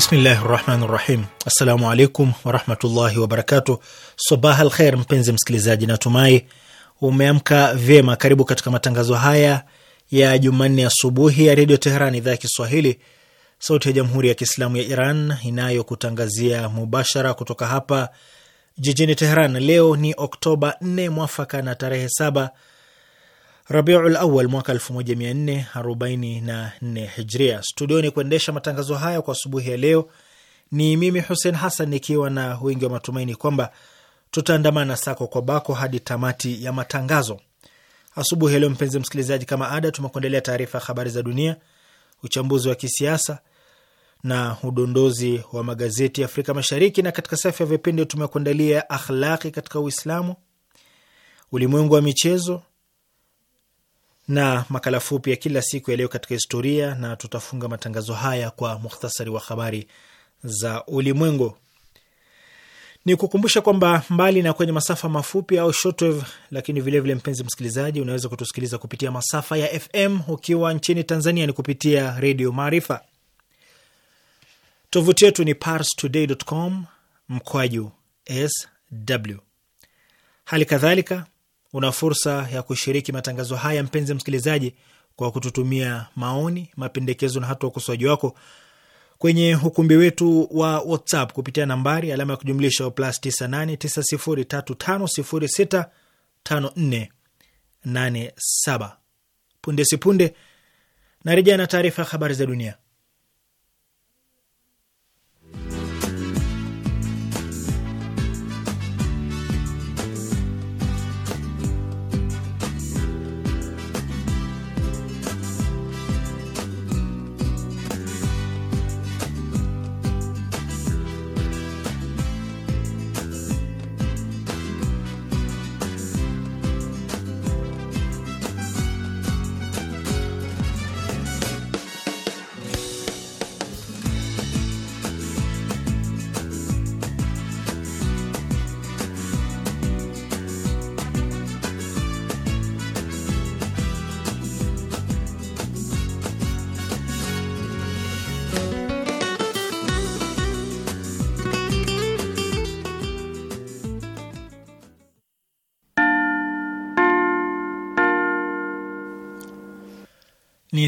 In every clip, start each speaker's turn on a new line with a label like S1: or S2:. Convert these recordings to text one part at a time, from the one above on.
S1: Bismillahi rahmani rahim. Assalamu alaikum warahmatullahi wabarakatu. Sabah al khair, mpenzi msikilizaji, natumai umeamka vyema. Karibu katika matangazo haya ya Jumanne asubuhi ya Redio Teheran, idhaa ya Kiswahili, sauti ya Jamhuri ya Kiislamu ya Iran inayokutangazia mubashara kutoka hapa jijini Teheran. Leo ni Oktoba 4 mwafaka na tarehe saba Rabiul Awal mwaka 1444 Hijria. Studioni kuendesha matangazo haya kwa asubuhi ya leo ni mimi Hussein Hassan, nikiwa na wingi wa matumaini kwamba tutaandamana sako kwa bako hadi tamati ya matangazo asubuhi ya leo. Mpenzi msikilizaji, kama ada, tumekuendelea taarifa ya habari za dunia, uchambuzi wa kisiasa na udondozi wa magazeti ya Afrika Mashariki, na katika safu ya vipindi tumekuandalia akhlaki katika Uislamu, ulimwengu wa michezo na makala fupi ya kila siku yaliyo katika historia, na tutafunga matangazo haya kwa muhtasari wa habari za ulimwengu. Ni kukumbusha kwamba mbali na kwenye masafa mafupi au shortwave, lakini vilevile vile, mpenzi msikilizaji, unaweza kutusikiliza kupitia masafa ya FM. Ukiwa nchini Tanzania ni kupitia Redio Maarifa. Tovuti yetu ni parstoday.com mkwaju sw. Hali kadhalika Una fursa ya kushiriki matangazo haya, mpenzi msikilizaji, kwa kututumia maoni, mapendekezo na hata ukosoaji wako kwenye ukumbi wetu wa WhatsApp kupitia nambari alama ya kujumlisha plus 989035065487. Punde sipunde rejea na taarifa ya habari za dunia.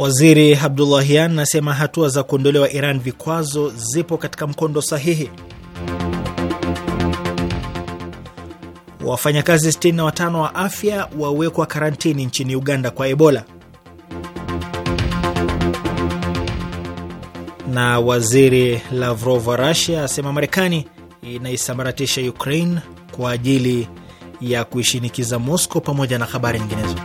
S1: Waziri Abdullahian anasema hatua za kuondolewa Iran vikwazo zipo katika mkondo sahihi. Wafanyakazi 65 wa afya wawekwa karantini nchini Uganda kwa Ebola. Na waziri Lavrov wa rusia asema Marekani inaisambaratisha Ukraine kwa ajili ya kuishinikiza Moscow, pamoja na habari nyinginezo.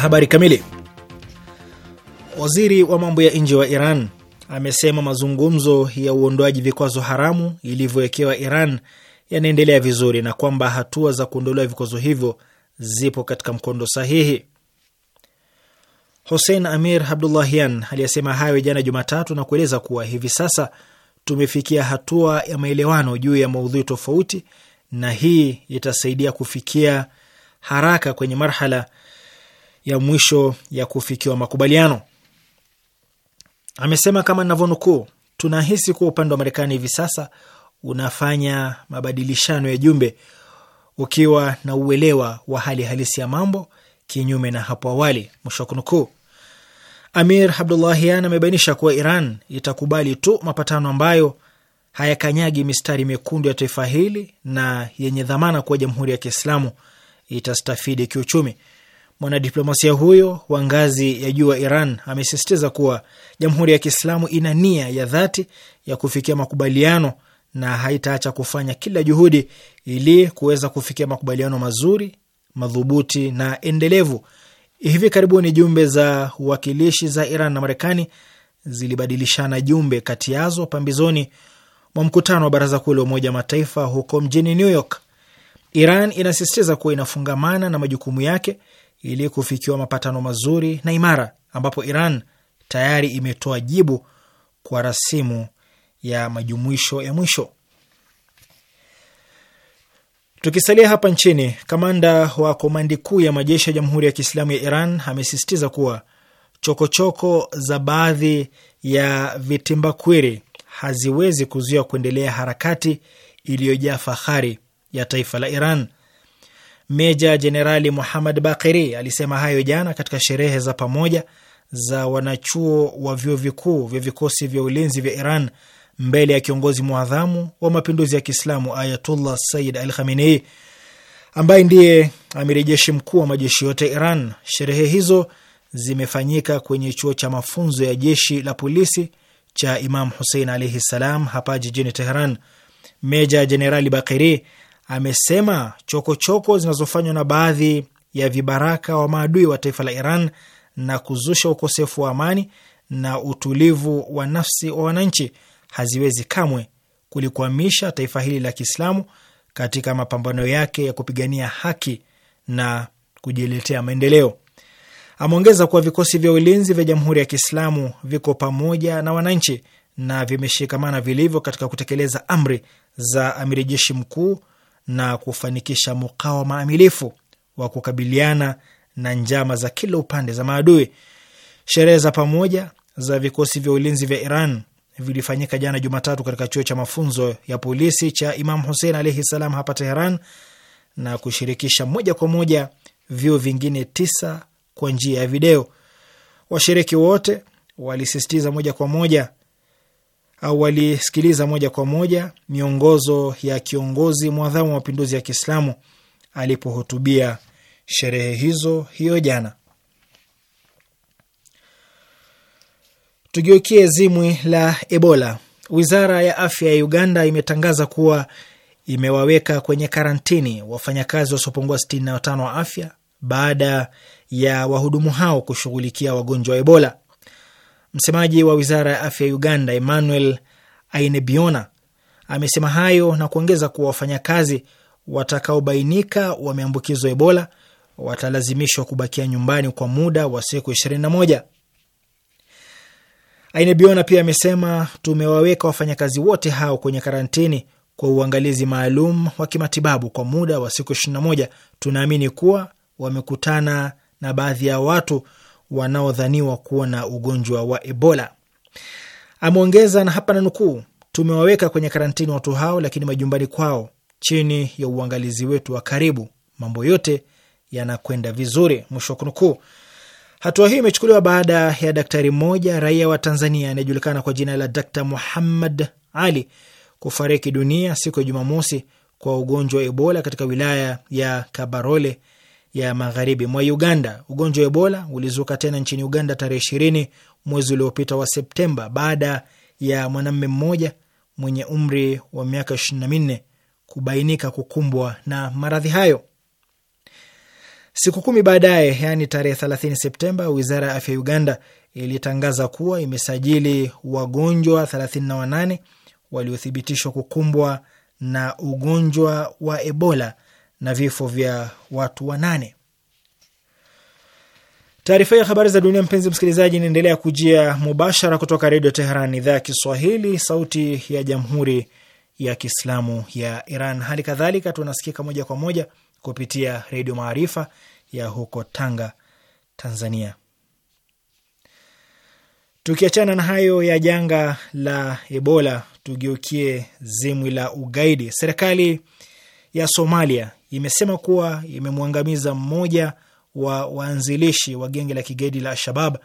S1: habari kamili. Waziri wa mambo ya nje wa Iran amesema mazungumzo ya uondoaji vikwazo haramu ilivyowekewa Iran yanaendelea vizuri na kwamba hatua za kuondolewa vikwazo hivyo zipo katika mkondo sahihi. Hussein Amir Abdullahian aliyesema hayo jana Jumatatu na kueleza kuwa hivi sasa tumefikia hatua ya maelewano juu ya maudhui tofauti, na hii itasaidia kufikia haraka kwenye marhala ya mwisho ya kufikiwa makubaliano. Amesema kama navyonukuu, tunahisi kuwa upande wa Marekani hivi sasa unafanya mabadilishano ya jumbe ukiwa na uelewa wa hali halisi ya mambo, kinyume na hapo awali, mwisho wa kunukuu. Amir Abdullahian amebainisha kuwa Iran itakubali tu mapatano ambayo hayakanyagi mistari mekundu ya taifa hili na yenye dhamana kuwa Jamhuri ya Kiislamu itastafidi kiuchumi. Mwanadiplomasia huyo wa ngazi ya juu wa Iran amesisitiza kuwa Jamhuri ya Kiislamu ina nia ya dhati ya kufikia makubaliano na haitaacha kufanya kila juhudi ili kuweza kufikia makubaliano mazuri, madhubuti na endelevu. Hivi karibuni jumbe za uwakilishi za Iran na Marekani zilibadilishana jumbe kati yazo pambizoni mwa mkutano wa Baraza Kuu la Umoja wa Mataifa huko mjini New York. Iran inasisitiza kuwa inafungamana na majukumu yake ili kufikiwa mapatano mazuri na imara, ambapo Iran tayari imetoa jibu kwa rasimu ya majumuisho ya mwisho. Tukisalia hapa nchini, kamanda wa komandi kuu ya majeshi ya Jamhuri ya Kiislamu ya Iran amesisitiza kuwa chokochoko choko za baadhi ya vitimbakwiri haziwezi kuzuia kuendelea harakati iliyojaa fahari ya taifa la Iran. Meja Jenerali Muhamad Bakiri alisema hayo jana katika sherehe za pamoja za wanachuo wa vyuo vikuu vya vikosi vya ulinzi vya Iran mbele ya kiongozi mwadhamu wa mapinduzi ya Kiislamu Ayatullah Sayyid Al Khamenei ambaye ndiye amiri jeshi mkuu wa majeshi yote Iran. Sherehe hizo zimefanyika kwenye chuo cha mafunzo ya jeshi la polisi cha Imam Husein alaihi salam hapa jijini Teheran. Meja Jenerali Bakiri amesema chokochoko zinazofanywa na baadhi ya vibaraka wa maadui wa taifa la Iran na kuzusha ukosefu wa amani na utulivu wa nafsi wa wananchi haziwezi kamwe kulikwamisha taifa hili la Kiislamu katika mapambano yake ya kupigania haki na kujiletea maendeleo. Ameongeza kuwa vikosi vya ulinzi vya Jamhuri ya Kiislamu viko pamoja na wananchi na vimeshikamana vilivyo katika kutekeleza amri za amiri jeshi mkuu na kufanikisha mukawama amilifu wa kukabiliana na njama za kila upande za maadui. Sherehe za pamoja za vikosi vya ulinzi vya Iran vilifanyika jana Jumatatu katika chuo cha mafunzo ya polisi cha Imam Hussein alaihi salam hapa Teheran na kushirikisha moja kwa moja vyuo vingine tisa kwa njia ya video. Washiriki wote walisisitiza moja kwa moja walisikiliza moja kwa moja miongozo ya kiongozi mwadhamu wa mapinduzi ya Kiislamu alipohutubia sherehe hizo hiyo jana. Tugeukie zimwi la Ebola. Wizara ya afya ya Uganda imetangaza kuwa imewaweka kwenye karantini wafanyakazi wasiopungua 65 wa afya baada ya wahudumu hao kushughulikia wagonjwa wa Ebola. Msemaji wa wizara ya afya ya Uganda, Emmanuel Ainebiona, amesema hayo na kuongeza kuwa wafanyakazi watakaobainika wameambukizwa Ebola watalazimishwa kubakia nyumbani kwa muda wa siku 21. Ainebiona pia amesema tumewaweka wafanyakazi wote hao kwenye karantini kwa uangalizi maalum wa kimatibabu kwa muda wa siku 21. Tunaamini kuwa wamekutana na baadhi ya watu wanaodhaniwa kuwa na ugonjwa wa Ebola. Ameongeza na hapa na nukuu, tumewaweka kwenye karantini watu hao, lakini majumbani kwao chini ya uangalizi wetu wa karibu. Mambo yote yanakwenda vizuri, mwisho wa kunukuu. Hatua hii imechukuliwa baada ya daktari mmoja raia wa Tanzania anayejulikana kwa jina la Dr Muhammad Ali kufariki dunia siku ya Jumamosi kwa ugonjwa wa Ebola katika wilaya ya Kabarole ya magharibi mwa Uganda. Ugonjwa wa Ebola ulizuka tena nchini Uganda tarehe ishirini mwezi uliopita wa Septemba baada ya mwanamume mmoja mwenye umri wa miaka ishirini na minne kubainika kukumbwa na maradhi hayo. Siku kumi baadaye, yaani tarehe thelathini Septemba, wizara ya afya ya Uganda ilitangaza kuwa imesajili wagonjwa thelathini na wanane waliothibitishwa kukumbwa na ugonjwa wa Ebola na vifo vya watu wanane. Taarifa ya habari za dunia, mpenzi msikilizaji, inaendelea kujia mubashara kutoka Redio Teheran, idhaa ya Kiswahili, sauti ya Jamhuri ya Kiislamu ya Iran. Hali kadhalika tunasikika moja kwa moja kupitia Redio Maarifa ya huko Tanga, Tanzania. Tukiachana na hayo ya janga la Ebola, tugeukie zimwi la ugaidi. Serikali ya Somalia imesema kuwa imemwangamiza mmoja wa waanzilishi wa genge la kigaidi la Al-Shabab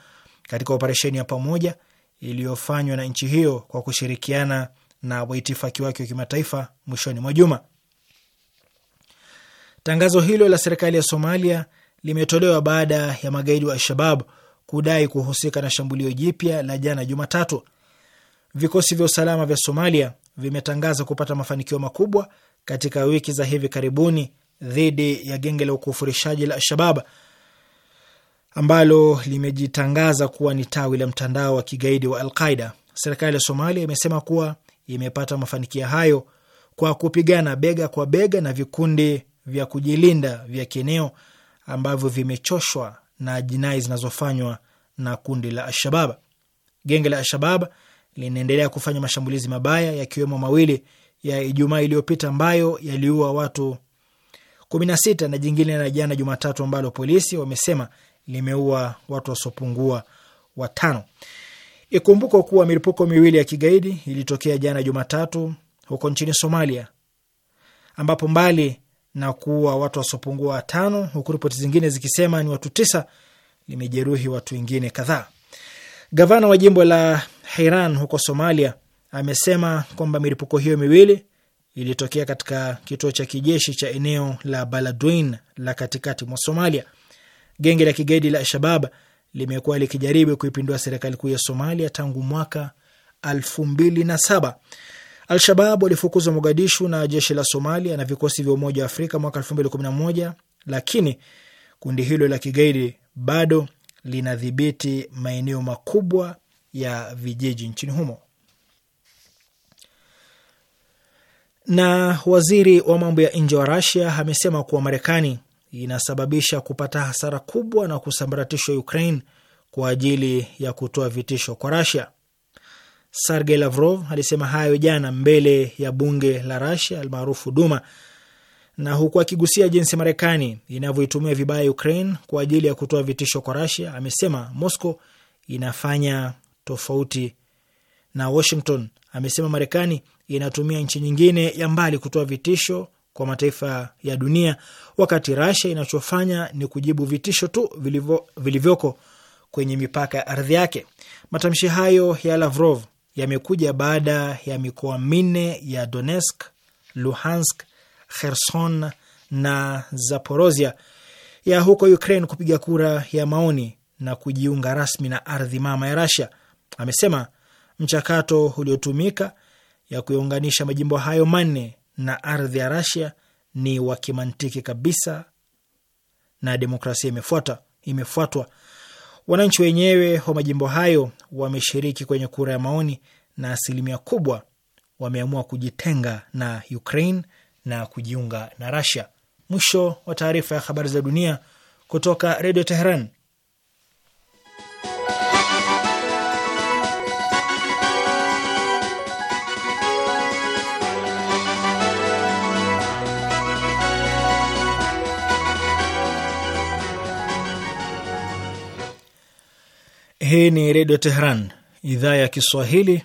S1: katika operesheni ya pamoja iliyofanywa na nchi hiyo kwa kushirikiana na waitifaki wake wa kimataifa mwishoni mwa juma. Tangazo hilo la serikali ya Somalia limetolewa baada ya magaidi wa Al-Shabab kudai kuhusika na shambulio jipya la jana Jumatatu. Vikosi vya usalama vya Somalia vimetangaza kupata mafanikio makubwa katika wiki za hivi karibuni dhidi ya genge la ukufurishaji la Alshabab ambalo limejitangaza kuwa ni tawi la mtandao wa kigaidi wa Alqaida. Serikali ya Somalia imesema kuwa imepata mafanikio hayo kwa kupigana bega kwa bega na vikundi vya kujilinda vya kieneo ambavyo vimechoshwa na jinai zinazofanywa na kundi la Alshabab. Genge la Alshabab linaendelea kufanya mashambulizi mabaya yakiwemo mawili ya Ijumaa iliyopita ambayo yaliua watu 16 na jingine na jana Jumatatu ambalo polisi wamesema limeua watu wasiopungua watano. Ikumbuko kuwa milipuko miwili ya kigaidi ilitokea jana Jumatatu huko nchini Somalia, ambapo mbali na kuua watu wasiopungua watano, huku ripoti zingine zikisema ni watu tisa, limejeruhi watu wengine kadhaa. Gavana wa jimbo la Hiran huko Somalia amesema kwamba milipuko hiyo miwili ilitokea katika kituo cha kijeshi cha eneo la baladwin la katikati mwa Somalia. Genge la kigaidi la Al-Shabab limekuwa likijaribu kuipindua serikali kuu ya Somalia tangu mwaka elfu Al-Shabab walifukuzwa Mogadishu na jeshi la Somalia na vikosi vya Umoja wa Afrika mwaka elfu lakini kundi hilo la kigaidi bado linadhibiti maeneo makubwa ya vijiji nchini humo. Na waziri wa mambo ya nje wa Rasia amesema kuwa Marekani inasababisha kupata hasara kubwa na kusambaratishwa Ukraine kwa ajili ya kutoa vitisho kwa Rasia. Sergey Lavrov alisema hayo jana mbele ya bunge la Rasia almaarufu Duma, na huku akigusia jinsi Marekani inavyoitumia vibaya Ukraine kwa ajili ya kutoa vitisho kwa Rasia, amesema Moscow inafanya tofauti na Washington. Amesema Marekani inatumia nchi nyingine ya mbali kutoa vitisho kwa mataifa ya dunia, wakati Russia inachofanya ni kujibu vitisho tu vilivyoko kwenye mipaka ya ardhi yake. Matamshi hayo ya Lavrov yamekuja baada ya mikoa minne ya Donetsk, Luhansk, Kherson na zaporosia ya huko Ukraine kupiga kura ya maoni na kujiunga rasmi na ardhi mama ya Russia. Amesema mchakato uliotumika ya kuyaunganisha majimbo hayo manne na ardhi ya Rasia ni wa kimantiki kabisa na demokrasia imefuata imefuatwa. Wananchi wenyewe wa majimbo hayo wameshiriki kwenye kura ya maoni na asilimia kubwa wameamua kujitenga na Ukraine na kujiunga na Rasia. Mwisho wa taarifa ya habari za dunia kutoka Redio Teheran. Hii ni Redio Tehran, idhaa ya Kiswahili,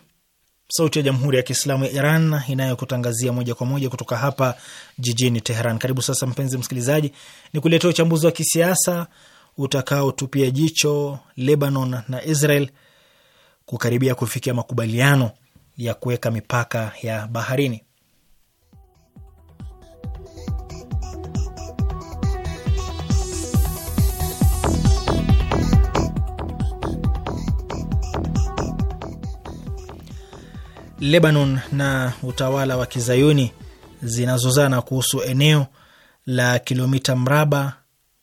S1: sauti ya Jamhuri ya Kiislamu ya Iran inayokutangazia moja kwa moja kutoka hapa jijini Tehran. Karibu sasa, mpenzi msikilizaji, ni kuletea uchambuzi wa kisiasa utakaotupia jicho Lebanon na Israel kukaribia kufikia makubaliano ya kuweka mipaka ya baharini. Lebanon na utawala wa kizayuni zinazozana kuhusu eneo la kilomita mraba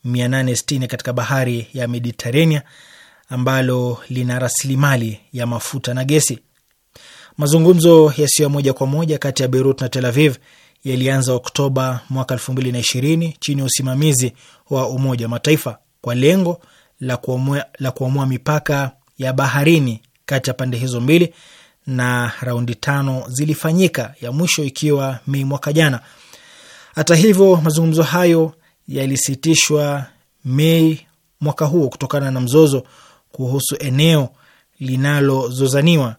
S1: 860 katika bahari ya Mediterania ambalo lina rasilimali ya mafuta na gesi. Mazungumzo yasiyo ya moja kwa moja kati ya Beirut na Tel Aviv yalianza Oktoba mwaka 2020 chini ya usimamizi wa Umoja wa Mataifa kwa lengo la kuamua mipaka ya baharini kati ya pande hizo mbili na raundi tano zilifanyika, ya mwisho ikiwa Mei mwaka jana. Hata hivyo, mazungumzo hayo yalisitishwa Mei mwaka huo kutokana na mzozo kuhusu eneo linalozozaniwa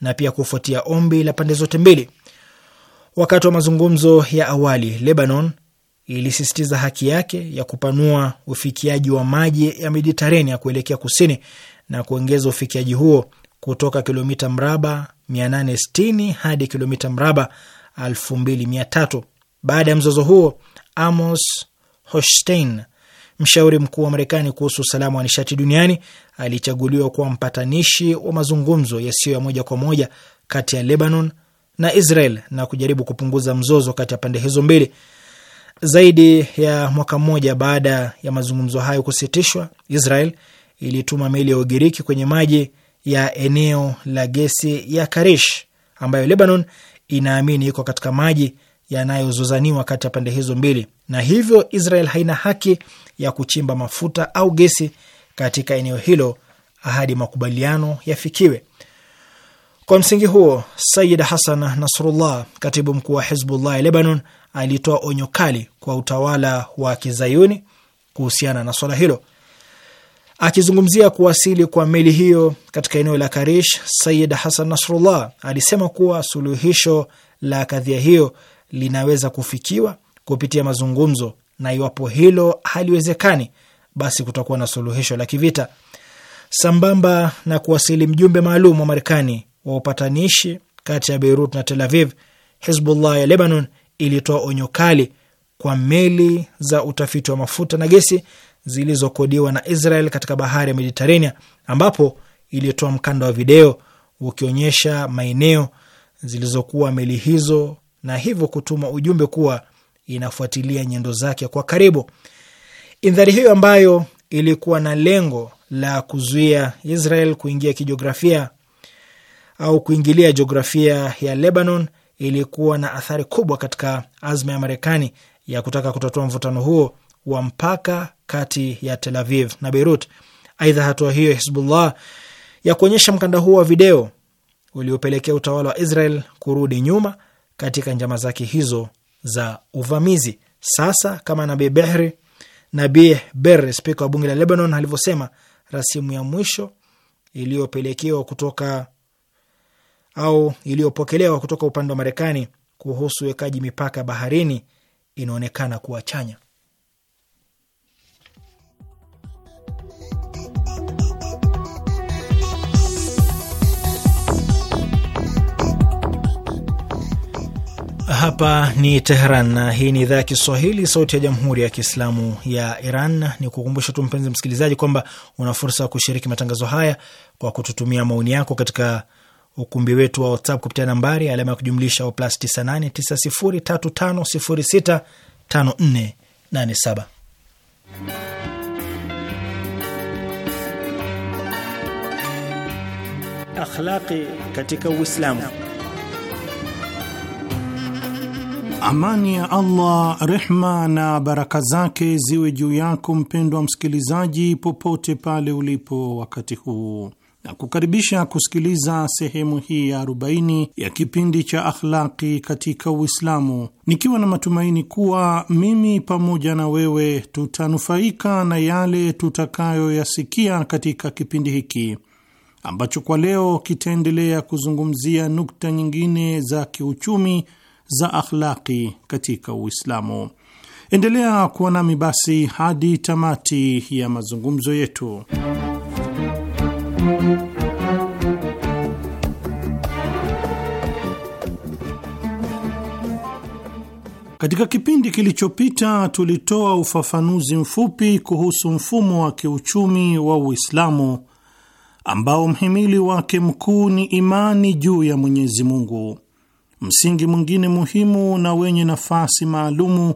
S1: na pia kufuatia ombi la pande zote mbili. Wakati wa mazungumzo ya awali, Lebanon ilisisitiza haki yake ya kupanua ufikiaji wa maji ya Mediterania kuelekea kusini na kuongeza ufikiaji huo kutoka kilomita mraba 860 hadi kilomita mraba 2300. Baada ya mzozo huo, Amos Hochstein, mshauri mkuu wa Marekani kuhusu usalama wa nishati duniani, alichaguliwa kuwa mpatanishi wa mazungumzo yasiyo ya moja kwa moja kati ya Lebanon na Israel na kujaribu kupunguza mzozo kati ya pande hizo mbili. Zaidi ya mwaka mmoja baada ya mazungumzo hayo kusitishwa, Israel ilituma meli ya Ugiriki kwenye maji ya eneo la gesi ya Karish ambayo Lebanon inaamini iko katika maji yanayozozaniwa kati ya pande hizo mbili, na hivyo Israel haina haki ya kuchimba mafuta au gesi katika eneo hilo hadi makubaliano yafikiwe. Kwa msingi huo, Sayid Hasan Nasrullah, katibu mkuu wa Hizbullah ya Lebanon, alitoa onyo kali kwa utawala wa kizayuni kuhusiana na swala hilo. Akizungumzia kuwasili kwa meli hiyo katika eneo la Karish, Sayid Hasan Nasrullah alisema kuwa suluhisho la kadhia hiyo linaweza kufikiwa kupitia mazungumzo, na iwapo hilo haliwezekani, basi kutakuwa na suluhisho la kivita. Sambamba na kuwasili mjumbe maalum wa Marekani wa upatanishi kati ya Beirut na Tel Aviv, Hizbullah ya Lebanon ilitoa onyo kali kwa meli za utafiti wa mafuta na gesi zilizokodiwa na Israel katika bahari ya Mediterania, ambapo ilitoa mkanda wa video ukionyesha maeneo zilizokuwa meli hizo na hivyo kutuma ujumbe kuwa inafuatilia nyendo zake kwa karibu. Indhari hiyo ambayo ilikuwa na lengo la kuzuia Israel kuingia kijiografia au kuingilia jiografia ya Lebanon ilikuwa na athari kubwa katika azma ya Marekani ya kutaka kutatua mvutano huo wa mpaka kati ya Tel Aviv na Beirut. Aidha, hatua hiyo Hizbullah ya kuonyesha mkanda huo wa video uliopelekea utawala wa Israel kurudi nyuma katika njama zake hizo za uvamizi. Sasa kama Nabi Behri Nabi ber spika wa bunge la Lebanon, alivyosema, rasimu ya mwisho iliyopelekewa kutoka au iliyopokelewa kutoka upande wa Marekani kuhusu uwekaji mipaka baharini inaonekana kuwa chanya. Hapa ni Tehran na hii ni idhaa ya Kiswahili, sauti ya jamhuri ya kiislamu ya Iran. Ni kukumbusha tu mpenzi msikilizaji kwamba una fursa ya kushiriki matangazo haya kwa kututumia maoni yako katika ukumbi wetu wa WhatsApp kupitia nambari alama ya kujumlisha o plus 98 9035065487. Akhlaqi katika Uislamu. Amani ya Allah,
S2: rehma na baraka zake ziwe juu yako mpendwa msikilizaji, popote pale ulipo wakati huu na kukaribisha kusikiliza sehemu hii ya 40 ya kipindi cha Akhlaqi katika Uislamu, nikiwa na matumaini kuwa mimi pamoja na wewe tutanufaika na yale tutakayoyasikia katika kipindi hiki ambacho kwa leo kitaendelea kuzungumzia nukta nyingine za kiuchumi za akhlaqi katika Uislamu. Endelea kuwa nami basi hadi tamati ya mazungumzo yetu. Katika kipindi kilichopita tulitoa ufafanuzi mfupi kuhusu mfumo wa kiuchumi wa Uislamu ambao mhimili wake mkuu ni imani juu ya Mwenyezi Mungu. Msingi mwingine muhimu na wenye nafasi maalumu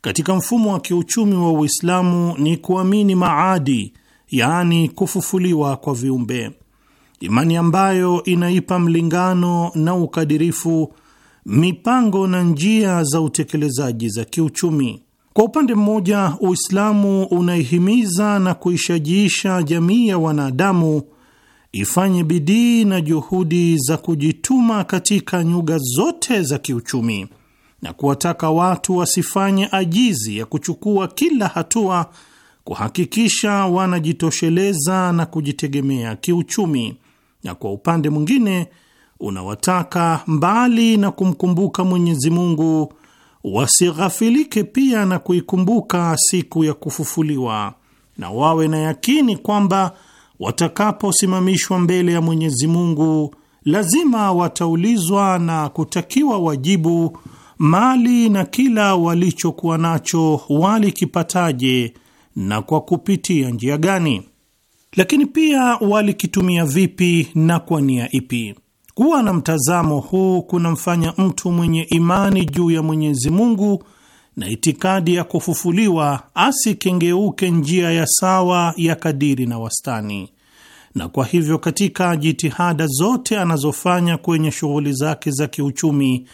S2: katika mfumo wa kiuchumi wa Uislamu ni kuamini maadi, yaani kufufuliwa kwa viumbe, imani ambayo inaipa mlingano na ukadirifu mipango na njia za utekelezaji za kiuchumi. Kwa upande mmoja, Uislamu unaihimiza na kuishajiisha jamii ya wanadamu ifanye bidii na juhudi za kujituma katika nyuga zote za kiuchumi na kuwataka watu wasifanye ajizi ya kuchukua kila hatua kuhakikisha wanajitosheleza na kujitegemea kiuchumi, na kwa upande mwingine unawataka mbali na kumkumbuka Mwenyezi Mungu wasighafilike pia na kuikumbuka siku ya kufufuliwa na wawe na yakini kwamba watakaposimamishwa mbele ya Mwenyezi Mungu lazima wataulizwa na kutakiwa wajibu mali na kila walichokuwa nacho walikipataje na kwa kupitia njia gani, lakini pia walikitumia vipi na kwa nia ipi. Kuwa na mtazamo huu kunamfanya mtu mwenye imani juu ya Mwenyezi Mungu na itikadi ya kufufuliwa, asikengeuke njia ya sawa ya kadiri na wastani. Na kwa hivyo katika jitihada zote anazofanya kwenye shughuli zake za kiuchumi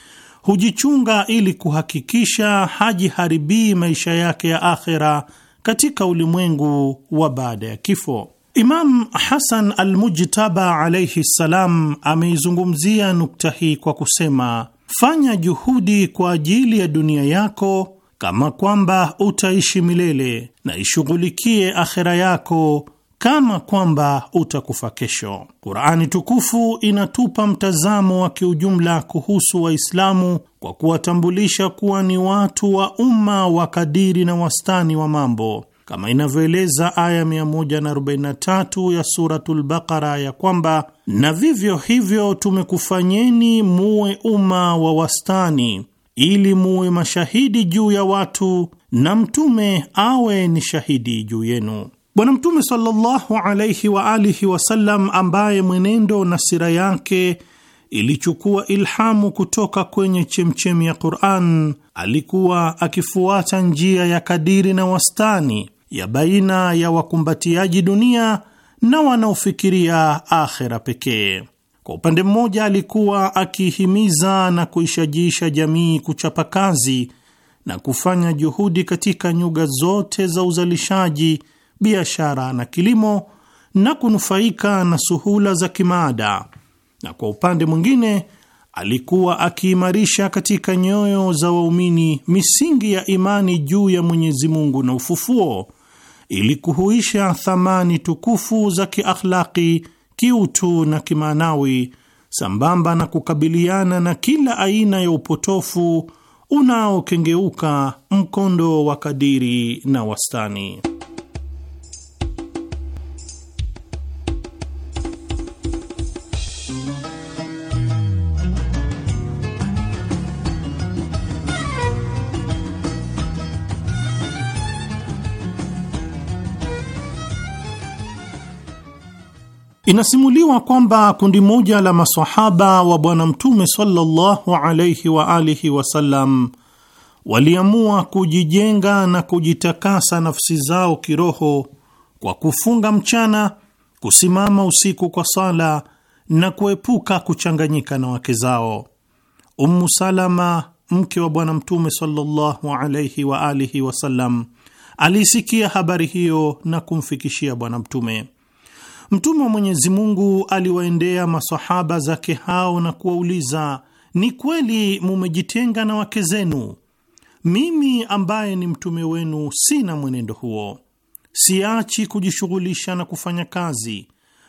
S2: hujichunga ili kuhakikisha hajiharibii maisha yake ya akhera katika ulimwengu wa baada ya kifo. Imam Hasan Almujtaba alaihi ssalam ameizungumzia nukta hii kwa kusema Fanya juhudi kwa ajili ya dunia yako kama kwamba utaishi milele, na ishughulikie akhera yako kama kwamba utakufa kesho. Qur'ani tukufu inatupa mtazamo wa kiujumla kuhusu Waislamu kwa kuwatambulisha kuwa ni watu wa umma wa kadiri na wastani wa mambo kama inavyoeleza aya 143 ya Suratul Baqara ya kwamba, na vivyo hivyo tumekufanyeni muwe umma wa wastani ili muwe mashahidi juu ya watu na mtume awe ni shahidi juu yenu. Bwana Mtume sallallahu wa alihi wasallam, ambaye mwenendo na sira yake ilichukua ilhamu kutoka kwenye chemchemi ya Qur'an, alikuwa akifuata njia ya kadiri na wastani ya baina ya wakumbatiaji dunia na wanaofikiria akhera pekee. Kwa upande mmoja, alikuwa akihimiza na kuishajiisha jamii kuchapa kazi na kufanya juhudi katika nyuga zote za uzalishaji, biashara na kilimo na kunufaika na suhula za kimaada, na kwa upande mwingine alikuwa akiimarisha katika nyoyo za waumini misingi ya imani juu ya Mwenyezi Mungu na ufufuo ili kuhuisha thamani tukufu za kiakhlaki, kiutu na kimaanawi, sambamba na kukabiliana na kila aina ya upotofu unaokengeuka mkondo wa kadiri na wastani. Inasimuliwa kwamba kundi moja la masahaba wa Bwana Mtume sallallahu alaihi wa alihi wasallam waliamua kujijenga na kujitakasa nafsi zao kiroho kwa kufunga mchana, kusimama usiku kwa sala na kuepuka kuchanganyika na wake zao. Ummu Salama, mke wa Bwana Mtume sallallahu alaihi wa alihi wasallam, aliisikia habari hiyo na kumfikishia Bwana Mtume. Mtume wa Mwenyezi Mungu aliwaendea masahaba zake hao na kuwauliza, ni kweli mumejitenga na wake zenu? Mimi ambaye ni mtume wenu sina mwenendo huo, siachi kujishughulisha na kufanya kazi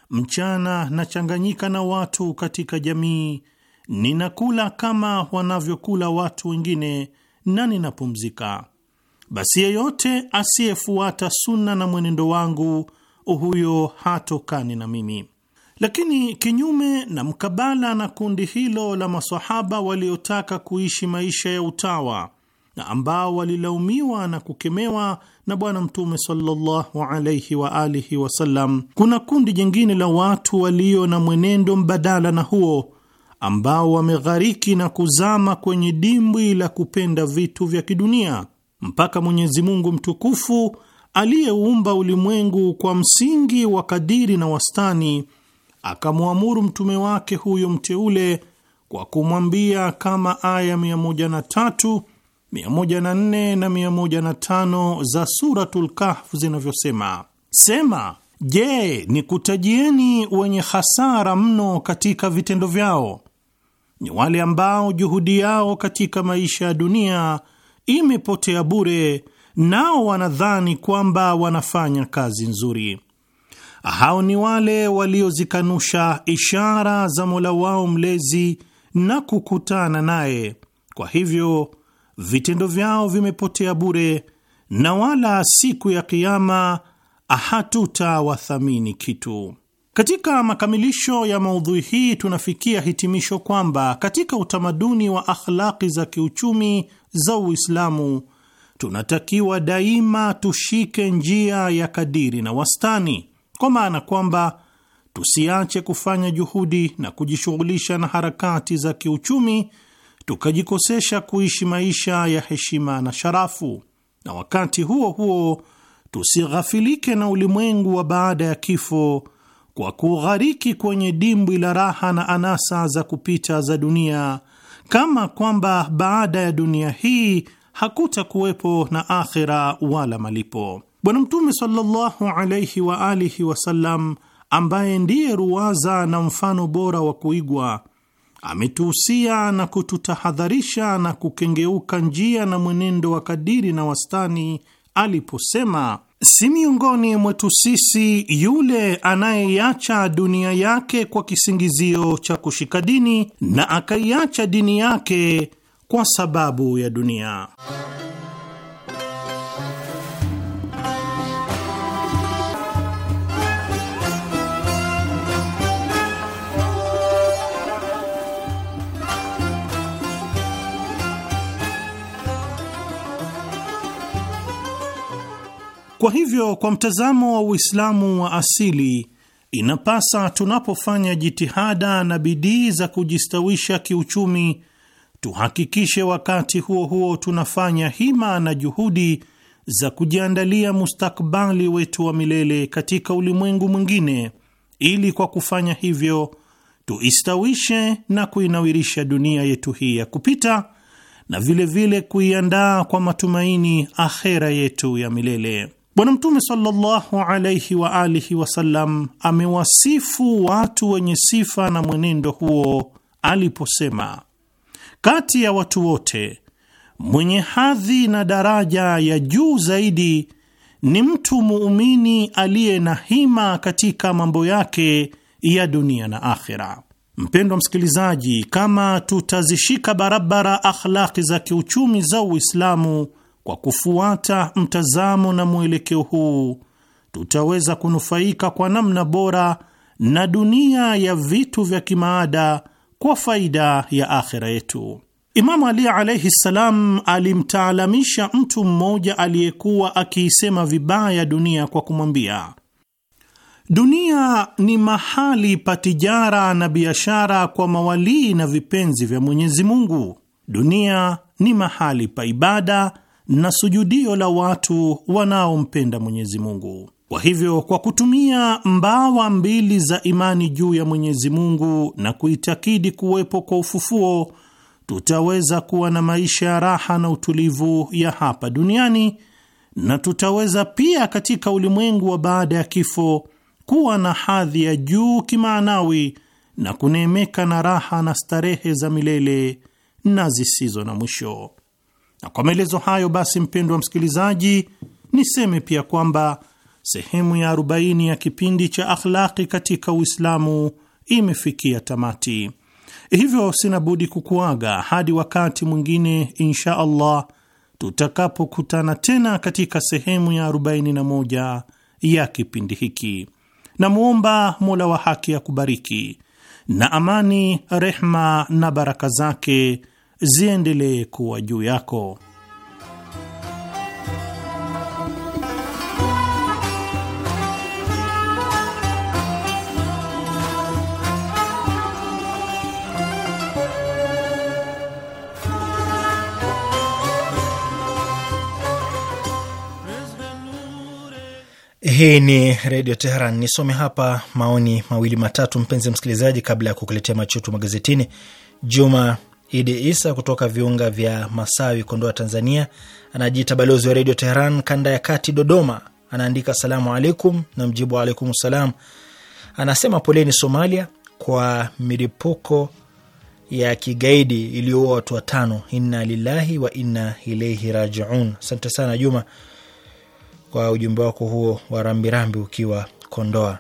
S2: mchana, nachanganyika na watu katika jamii, ninakula kama wanavyokula watu wengine na ninapumzika. Basi yeyote asiyefuata sunna na mwenendo wangu Oh, huyo hatokani na mimi. Lakini kinyume na mkabala na kundi hilo la masahaba waliotaka kuishi maisha ya utawa na ambao walilaumiwa na kukemewa na Bwana Mtume sallallahu alaihi wa alihi wasallam, kuna kundi jingine la watu walio na mwenendo mbadala na huo ambao wameghariki na kuzama kwenye dimbwi la kupenda vitu vya kidunia mpaka Mwenyezi Mungu mtukufu aliyeumba ulimwengu kwa msingi wa kadiri na wastani, akamwamuru mtume wake huyo mteule kwa kumwambia kama aya 103, 104 na 105 za Suratul Kahf zinavyosema: Sema, je, nikutajieni wenye hasara mno katika vitendo vyao? Ni wale ambao juhudi yao katika maisha ya dunia imepotea bure nao wanadhani kwamba wanafanya kazi nzuri. Hao ni wale waliozikanusha ishara za Mola wao mlezi na kukutana naye, kwa hivyo vitendo vyao vimepotea bure na wala siku ya Kiama hatutawathamini kitu. Katika makamilisho ya maudhui hii, tunafikia hitimisho kwamba katika utamaduni wa akhlaki za kiuchumi za Uislamu tunatakiwa daima tushike njia ya kadiri na wastani, kwa maana kwamba tusiache kufanya juhudi na kujishughulisha na harakati za kiuchumi tukajikosesha kuishi maisha ya heshima na sharafu, na wakati huo huo tusighafilike na ulimwengu wa baada ya kifo kwa kughariki kwenye dimbwi la raha na anasa za kupita za dunia, kama kwamba baada ya dunia hii hakutakuwepo na akhira wala malipo. Bwana Mtume sallallahu alaihi wa alihi wasallam, ambaye ndiye ruwaza na mfano bora wa kuigwa, ametuhusia na kututahadharisha na kukengeuka njia na mwenendo wa kadiri na wastani aliposema Si miongoni mwetu sisi yule anayeiacha dunia yake kwa kisingizio cha kushika dini na akaiacha dini yake kwa sababu ya dunia. Kwa hivyo, kwa mtazamo wa Uislamu wa asili, inapasa tunapofanya jitihada na bidii za kujistawisha kiuchumi Tuhakikishe wakati huo huo tunafanya hima na juhudi za kujiandalia mustakbali wetu wa milele katika ulimwengu mwingine, ili kwa kufanya hivyo tuistawishe na kuinawirisha dunia yetu hii ya kupita na vilevile kuiandaa kwa matumaini akhera yetu ya milele. Bwana Mtume sallallahu alaihi wa alihi wasallam amewasifu watu wenye sifa na mwenendo huo aliposema: kati ya watu wote, mwenye hadhi na daraja ya juu zaidi ni mtu muumini aliye na hima katika mambo yake ya dunia na akhira. Mpendwa msikilizaji, kama tutazishika barabara akhlaki za kiuchumi za Uislamu kwa kufuata mtazamo na mwelekeo huu, tutaweza kunufaika kwa namna bora na dunia ya vitu vya kimaada kwa faida ya akhira yetu. Imamu Ali alaihi ssalam alimtaalamisha mtu mmoja aliyekuwa akiisema vibaya dunia kwa kumwambia, dunia ni mahali pa tijara na biashara kwa mawalii na vipenzi vya Mwenyezi Mungu. Dunia ni mahali pa ibada na sujudio la watu wanaompenda Mwenyezi Mungu. Kwa hivyo, kwa kutumia mbawa mbili za imani juu ya Mwenyezi Mungu na kuitakidi kuwepo kwa ufufuo, tutaweza kuwa na maisha ya raha na utulivu ya hapa duniani na tutaweza pia katika ulimwengu wa baada ya kifo kuwa na hadhi ya juu kimaanawi na kuneemeka na raha na starehe za milele na zisizo na mwisho. Na kwa maelezo hayo basi, mpendwa msikilizaji, niseme pia kwamba sehemu ya 40 ya kipindi cha akhlaqi katika Uislamu imefikia tamati. Hivyo sina budi kukuaga hadi wakati mwingine insha Allah tutakapokutana tena katika sehemu ya 41 ya kipindi hiki. Namwomba Mola wa haki akubariki, na amani, rehma na baraka zake ziendelee kuwa juu yako.
S1: Hii ni Redio Teheran. Nisome hapa maoni mawili matatu, mpenzi msikilizaji, kabla ya kukuletea machutu magazetini. Juma Idi Isa kutoka viunga vya Masawi, Kondoa, Tanzania, anajiita balozi wa Redio Teheran kanda ya kati, Dodoma. Anaandika salamu alaikum, na mjibu wa alaikum salam. Anasema poleni Somalia kwa milipuko ya kigaidi iliyoua watu watano. Inna lillahi wa inna ilaihi rajiun. Asante sana Juma kwa ujumbe wako huo wa rambirambi ukiwa Kondoa.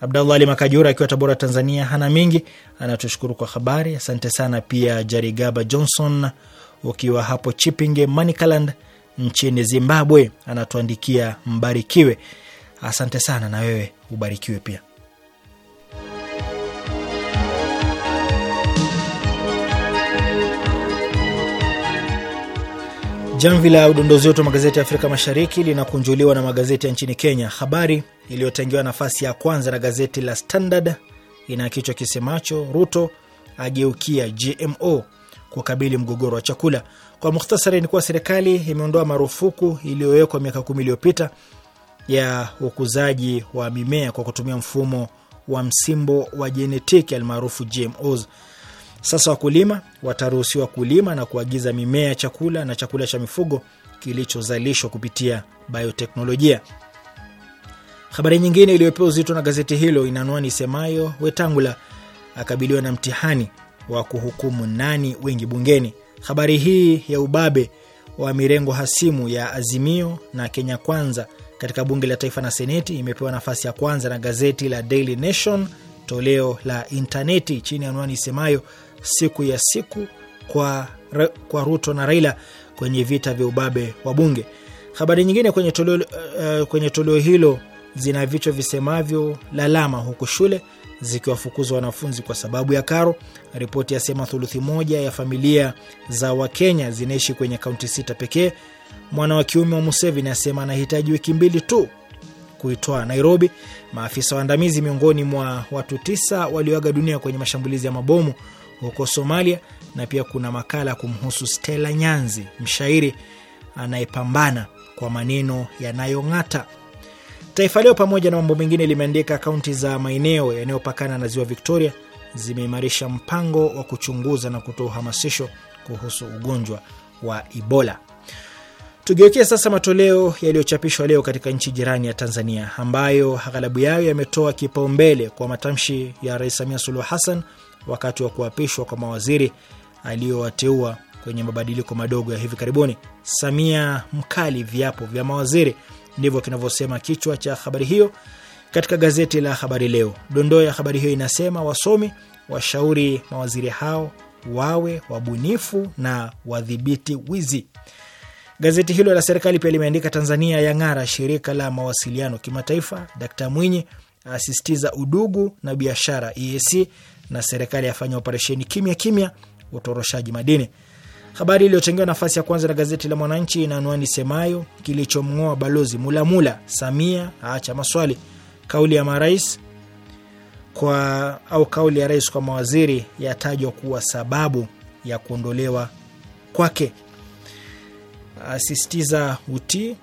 S1: Abdallah Ali Makajura akiwa Tabora, Tanzania, hana mingi anatushukuru kwa habari. Asante sana pia Jarigaba Johnson ukiwa hapo Chipinge, Manicaland nchini Zimbabwe, anatuandikia mbarikiwe. Asante sana na wewe ubarikiwe pia. Jamvi la udondozi wetu wa magazeti ya Afrika Mashariki linakunjuliwa na magazeti ya nchini Kenya. Habari iliyotengewa nafasi ya kwanza na gazeti la Standard ina kichwa kisemacho Ruto ageukia GMO kukabili mgogoro wa chakula. Kwa mukhtasari, ni kuwa serikali imeondoa marufuku iliyowekwa miaka kumi iliyopita ya ukuzaji wa mimea kwa kutumia mfumo wa msimbo wa jenetiki almaarufu GMOs. Sasa wakulima wataruhusiwa kulima na kuagiza mimea ya chakula na chakula cha mifugo kilichozalishwa kupitia bioteknolojia. Habari nyingine iliyopewa uzito na gazeti hilo ina anwani isemayo Wetangula akabiliwa na mtihani wa kuhukumu nani wengi bungeni. Habari hii ya ubabe wa mirengo hasimu ya Azimio na Kenya Kwanza katika bunge la taifa na seneti imepewa nafasi ya kwanza na gazeti la Daily Nation toleo la intaneti chini ya anwani isemayo siku ya siku kwa, kwa Ruto na Raila kwenye vita vya ubabe wa bunge. Habari nyingine kwenye toleo, uh, kwenye toleo hilo zina vichwa visemavyo lalama huku shule zikiwafukuza wanafunzi kwa sababu ya karo. Ripoti yasema thuluthi moja ya familia za Wakenya zinaishi kwenye kaunti sita pekee. Mwana wa kiume wa Museveni asema anahitaji wiki mbili tu kuitoa Nairobi. Maafisa waandamizi miongoni mwa watu tisa walioaga dunia kwenye mashambulizi ya mabomu huko Somalia, na pia kuna makala kumhusu Stella Nyanzi, mshairi anayepambana kwa maneno yanayong'ata. Taifa Leo pamoja na mambo mengine limeandika kaunti za maeneo yanayopakana na ziwa Victoria zimeimarisha mpango wa kuchunguza na kutoa uhamasisho kuhusu ugonjwa wa Ebola. Tugeukie sasa matoleo yaliyochapishwa leo katika nchi jirani ya Tanzania, ambayo aghalabu yayo yametoa kipaumbele kwa matamshi ya Rais Samia Suluhu Hassan wakati wa kuapishwa kwa mawaziri aliyowateua kwenye mabadiliko madogo ya hivi karibuni. Samia mkali viapo vya mawaziri, ndivyo kinavyosema kichwa cha habari hiyo katika gazeti la Habari Leo. Dondoo ya habari hiyo inasema wasomi washauri mawaziri hao wawe wabunifu na wadhibiti wizi. Gazeti hilo la serikali pia limeandika Tanzania ya ng'ara shirika la mawasiliano kimataifa. Dkt Mwinyi asisitiza udugu na biashara. EAC na serikali yafanya operesheni kimya kimya utoroshaji madini. Habari iliyochangiwa nafasi ya kwanza na gazeti la Mwananchi na anwani semayo kilichomng'oa balozi Mulamula, Samia aacha maswali. Kauli ya marais kwa au kauli ya rais kwa mawaziri yatajwa kuwa sababu ya kuondolewa kwake, asisitiza utii,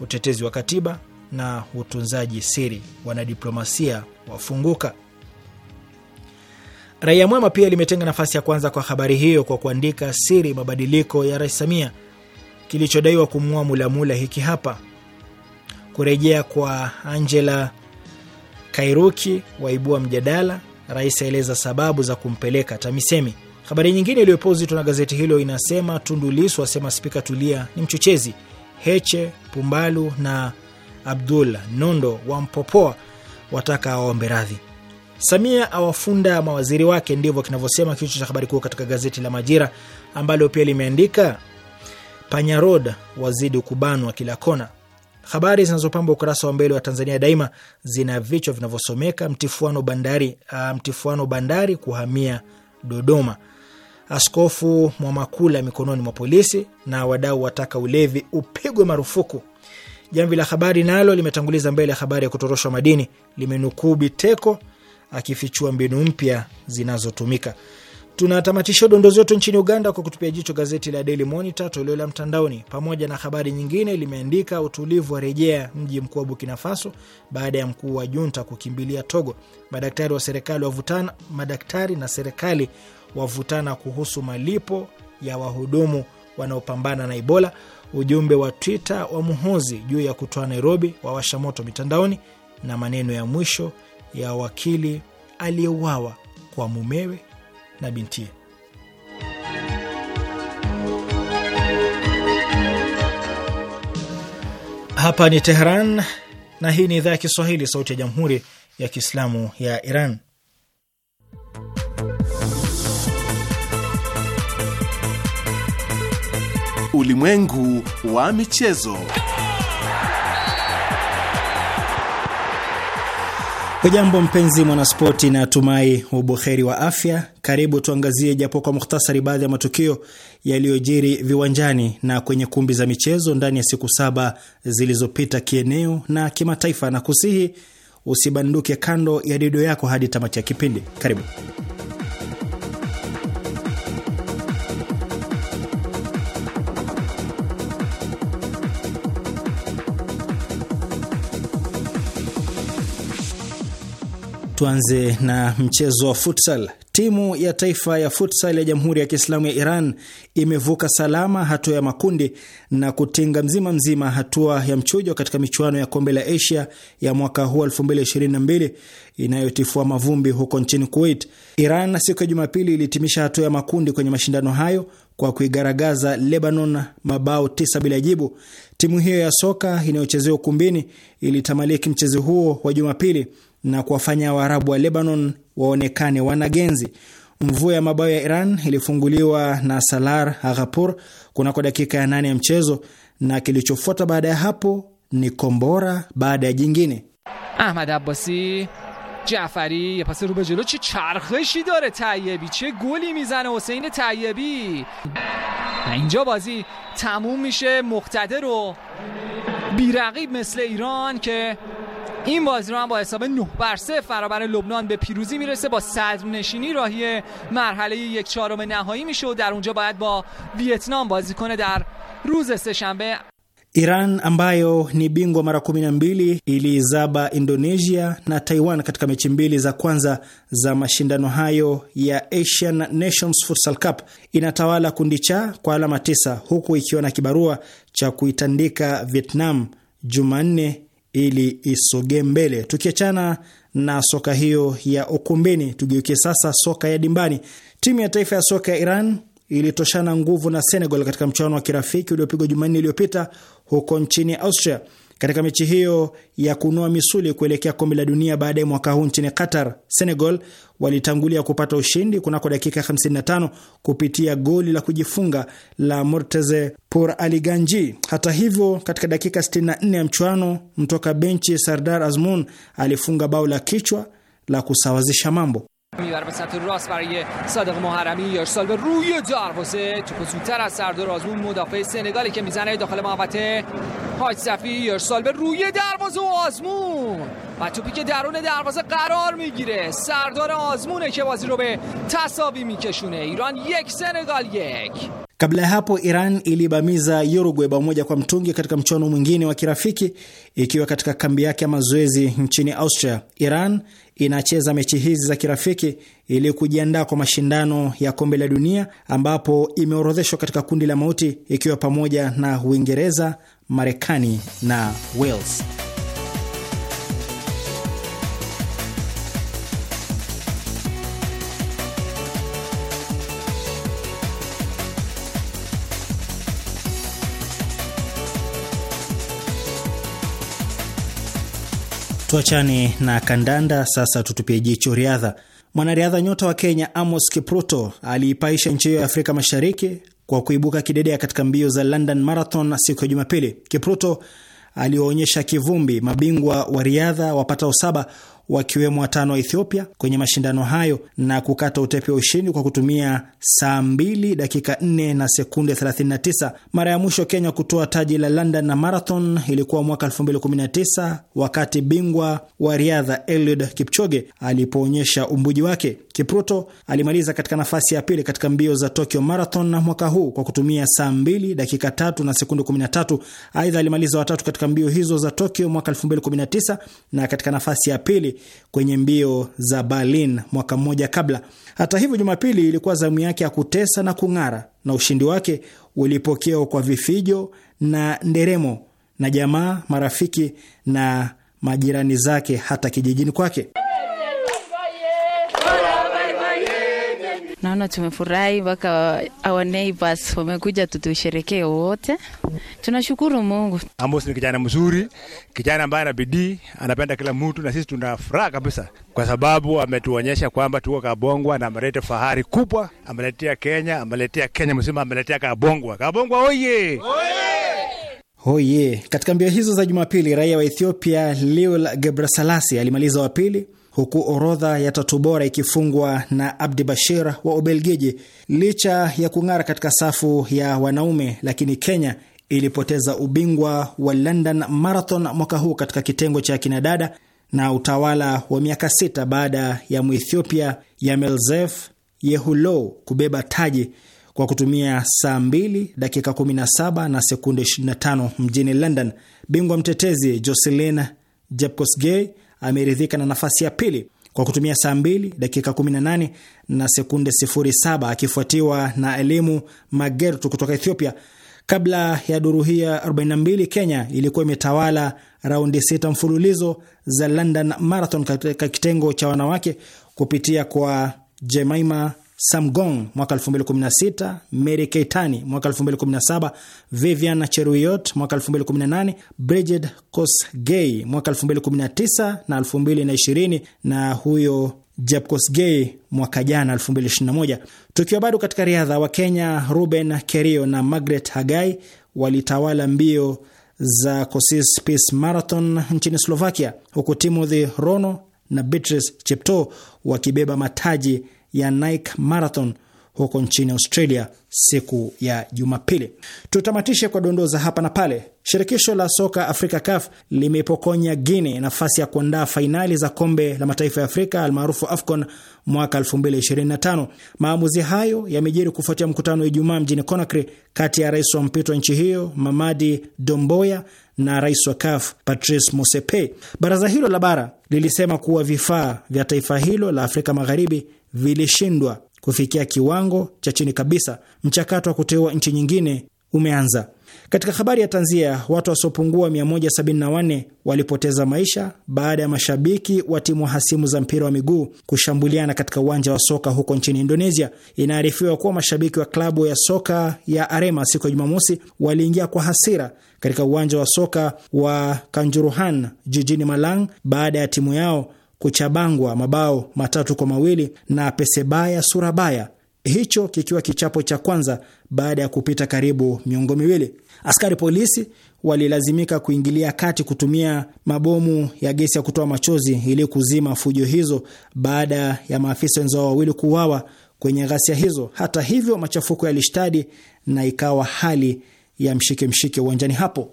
S1: utetezi wa katiba na utunzaji siri. Wanadiplomasia wafunguka. Raia Mwema pia limetenga nafasi ya kwanza kwa habari hiyo kwa kuandika siri mabadiliko ya Rais Samia, kilichodaiwa kumua Mulamula hiki hapa: kurejea kwa Angela Kairuki waibua mjadala, rais aeleza sababu za kumpeleka TAMISEMI. Habari nyingine iliyopewa uzito na gazeti hilo inasema Tundu Lissu asema Spika Tulia ni mchochezi. Heche, Pumbalu na Abdul Nondo wampopoa, wataka aombe radhi. Samia awafunda mawaziri wake, ndivyo kinavyosema kichwa cha habari kuu katika gazeti la Majira ambalo pia limeandika panyaroda wazidi kubanwa kila kona. Habari zinazopamba ukurasa wa mbele wa Tanzania Daima zina vichwa vinavyosomeka mtifuano bandari, ah, mtifuano bandari kuhamia Dodoma, Askofu Mwamakula mikononi mwa polisi, na wadau wataka ulevi upigwe marufuku. Jamvi la Habari nalo limetanguliza mbele habari ya kutoroshwa madini, limenukuu Biteko akifichua mbinu mpya zinazotumika. Tunatamatisha udondozi wetu nchini Uganda kwa kutupia jicho gazeti la Daily Monitor toleo la mtandaoni. Pamoja na habari nyingine, limeandika utulivu wa rejea mji mkuu wa Burkina Faso baada ya mkuu wa junta kukimbilia Togo. Madaktari wa serikali wavutana, madaktari na serikali wavutana kuhusu malipo ya wahudumu wanaopambana na Ebola. Ujumbe wa Twitter wa Muhozi juu ya kutoa Nairobi wawasha moto mitandaoni, na maneno ya mwisho ya wakili aliyeuawa kwa mumewe na bintie. Hapa ni teheran na hii ni idhaa ya Kiswahili, sauti ya jamhuri ya kiislamu ya Iran.
S2: Ulimwengu wa
S1: michezo. Hujambo mpenzi mwanaspoti, na tumai ubuheri wa afya. Karibu tuangazie japo kwa muhtasari baadhi ya matukio yaliyojiri viwanjani na kwenye kumbi za michezo ndani ya siku saba zilizopita, kieneo na kimataifa, na kusihi usibanduke kando ya redio yako hadi tamati ya kipindi. Karibu. Tuanze na mchezo wa futsal. Timu ya taifa ya futsal ya Jamhuri ya Kiislamu ya Iran imevuka salama hatua ya makundi na kutinga mzima mzima hatua ya mchujo katika michuano ya kombe la Asia ya mwaka huu 2022 inayotifua mavumbi huko nchini Kuwait. Iran siku ya Jumapili ilihitimisha hatua ya makundi kwenye mashindano hayo kwa kuigaragaza Lebanon mabao tisa bila jibu. Timu hiyo ya soka inayochezewa ukumbini ilitamaliki mchezo huo wa Jumapili na kuwafanya Waarabu wa Lebanon waonekane wanagenzi. Mvua ya mabao ya Iran ilifunguliwa na Salar Aghapur kunako dakika ya nane ya mchezo, na kilichofuata baada ya hapo ni kombora baada ya jingine. Ahmad Abbasi Jafari ya pasi rube jelo che charkheshi dare Tayyebi che goli mizane Hussein Tayyebi اینجا بازی تموم میشه مقتدر و biraqib misle Iran ke این بازی رو هم با حساب 9 بر 0 برابر لبنان به پیروزی میرسه با صدر نشینی راهی مرحله یک چهارم نهایی میشه و در اونجا باید با ویتنام بازی کنه در روز سهشنبه Iran ambayo ni bingwa mara 12 zaba Indonesia na Taiwan katika mechi mbili za kwanza za mashindano hayo ya Asian Nations Futsal Cup inatawala kundi cha kwa alama 9 huku ikiwa na kibarua cha kuitandika Vietnam Jumanne ili isogee mbele. Tukiachana na soka hiyo ya ukumbini, tugeukie sasa soka ya dimbani. Timu ya taifa ya soka ya Iran ilitoshana nguvu na Senegal katika mchuano wa kirafiki uliopigwa Jumanne iliyopita huko nchini Austria katika mechi hiyo ya kunoa misuli kuelekea kombe la dunia baadaye mwaka huu nchini Qatar, Senegal walitangulia kupata ushindi kunako dakika 55 kupitia goli la kujifunga la Morteze Por Aliganji. Hata hivyo, katika dakika 64 ya mchuano, mtoka benchi Sardar Azmoun alifunga bao la kichwa la kusawazisha mambo.
S3: میبره به سمت راست برای صادق محرمی سال به روی دروازه توپ زودتر از سردار آزمون مدافع سنگالی که میزنه داخل محوطه حاج صفی سال به روی دروازه و آزمون و توپی که درون دروازه قرار میگیره سردار آزمونه که بازی رو به تصاوی میکشونه ایران یک سنگال یک
S1: Kabla ya hapo Iran ilibamiza Uruguay bao moja kwa mtungi katika mchuano mwingine wa kirafiki ikiwa katika kambi yake ya mazoezi nchini Austria. Iran inacheza mechi hizi za kirafiki ili kujiandaa kwa mashindano ya kombe la dunia ambapo imeorodheshwa katika kundi la mauti ikiwa pamoja na Uingereza, Marekani na Wales. Tuachane na kandanda sasa, tutupie jicho riadha. Mwanariadha nyota wa Kenya Amos Kipruto aliipaisha nchi hiyo ya Afrika Mashariki kwa kuibuka kidedea katika mbio za London Marathon siku ya Jumapili. Kipruto aliwaonyesha kivumbi mabingwa wa riadha wapatao saba wakiwemo watano wa Ethiopia kwenye mashindano hayo na kukata utepe wa ushindi kwa kutumia saa 2 dakika 4 na sekunde 39. Mara ya mwisho Kenya kutoa taji la London na marathon ilikuwa mwaka 2019 wakati bingwa wa riadha Eliud Kipchoge alipoonyesha umbuji wake. Kipruto alimaliza katika nafasi ya pili katika mbio za Tokyo Marathon na mwaka huu kwa kutumia saa 2 dakika 3 na sekunde 13. Aidha, alimaliza watatu katika mbio hizo za Tokyo mwaka 2019 na katika nafasi ya pili kwenye mbio za Berlin mwaka mmoja kabla. Hata hivyo, Jumapili ilikuwa zamu yake ya kutesa na kung'ara, na ushindi wake ulipokewa kwa vifijo na nderemo na jamaa, marafiki na majirani zake, hata kijijini kwake.
S4: Naona tumefurahi mpaka our neighbors wamekuja tutusherekee wote. Tunashukuru Mungu.
S1: Amos ni kijana mzuri, kijana ambaye ana bidii, anapenda kila mtu na sisi tunafuraha kabisa kwa sababu ametuonyesha kwamba tuko Kabongwa na amelete fahari kubwa, ameletea
S2: Kenya, ameletea Kenya mzima, ameletea Kabongwa. Kabongwa oye! Oye!
S1: oh yeah. Katika mbio hizo za Jumapili, raia wa Ethiopia Lil Gebrasalasi alimaliza wa pili, huku orodha ya tatu bora ikifungwa na Abdi Bashir wa Ubelgiji. Licha ya kung'ara katika safu ya wanaume, lakini Kenya ilipoteza ubingwa wa London Marathon mwaka huu katika kitengo cha kinadada na utawala wa miaka sita baada ya muethiopia Yamilzef yehulou kubeba taji kwa kutumia saa 2 dakika 17 na sekunde 25 mjini London. Bingwa mtetezi joselin Jepkosgei ameridhika na nafasi ya pili kwa kutumia saa 2 dakika 18 na sekunde 07 akifuatiwa na Elimu Magertu kutoka Ethiopia. Kabla ya duru hii ya 42 Kenya ilikuwa imetawala raundi sita mfululizo za London Marathon katika kitengo cha wanawake kupitia kwa Jemaima Samgong mwaka 2016, Mary Keitani mwaka 2017, Vivian Cheruiyot mwaka 2018, Bridget Kosgei mwaka 2019 na 2020 na huyo Jeb mwaka jana 2021. Tukiwa bado katika riadha, wa Kenya Ruben Kerio na Margaret Hagai walitawala mbio za cosis Peace Marathon nchini Slovakia, huku Timothy Rono na Beatrice Chepto wakibeba mataji ya Nike Marathon huko nchini Australia siku ya Jumapili. Tutamatishe kwa dondoza hapa na pale. Shirikisho la soka Afrika CAF limepokonya guine nafasi ya kuandaa fainali za kombe la mataifa ya Afrika almaarufu AFCON mwaka 2025. Maamuzi hayo yamejiri kufuatia mkutano wa Ijumaa mjini Conakry kati ya rais wa mpito wa nchi hiyo Mamadi Domboya na rais wa CAF Patrice Motsepe. Baraza hilo la bara lilisema kuwa vifaa vya taifa hilo la Afrika Magharibi vilishindwa kufikia kiwango cha chini kabisa. Mchakato wa kuteua nchi nyingine umeanza. Katika habari ya tanzia, watu wasiopungua 174 walipoteza maisha baada ya mashabiki wa timu hasimu za mpira wa miguu kushambuliana katika uwanja wa soka huko nchini Indonesia. Inaarifiwa kuwa mashabiki wa klabu ya soka ya Arema siku ya Jumamosi waliingia kwa hasira katika uwanja wa soka wa Kanjuruhan jijini Malang baada ya timu yao kuchabangwa mabao matatu kwa mawili na Pesebaya Surabaya, hicho kikiwa kichapo cha kwanza baada ya kupita karibu miongo miwili. Askari polisi walilazimika kuingilia kati kutumia mabomu ya gesi ya kutoa machozi ili kuzima fujo hizo baada ya maafisa wenzao wawili kuuawa kwenye ghasia hizo. Hata hivyo, machafuko yalishtadi na ikawa hali ya mshike mshike uwanjani hapo.